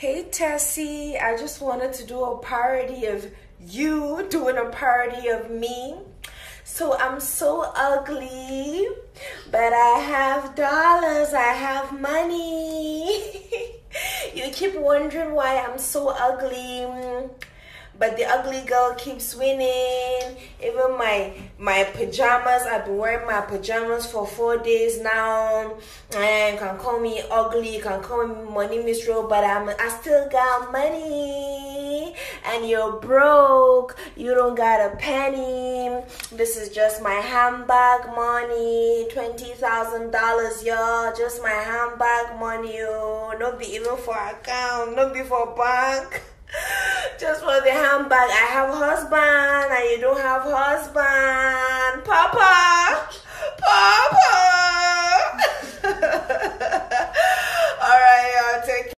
Hey Tessie, I just wanted to do a parody of you doing a parody of me. So I'm so ugly, but I have dollars, I have money. you keep wondering why I'm so ugly but the ugly girl keeps winning even my my pajamas i've been wearing my pajamas for four days now and you can call me ugly You can call me money misro but i'm i still got money and you're broke you don't got a penny this is just my handbag money twenty thousand dollars y'all just my handbag money yo. not be even for account not be for bank just for the handbag. I have husband and you don't have husband.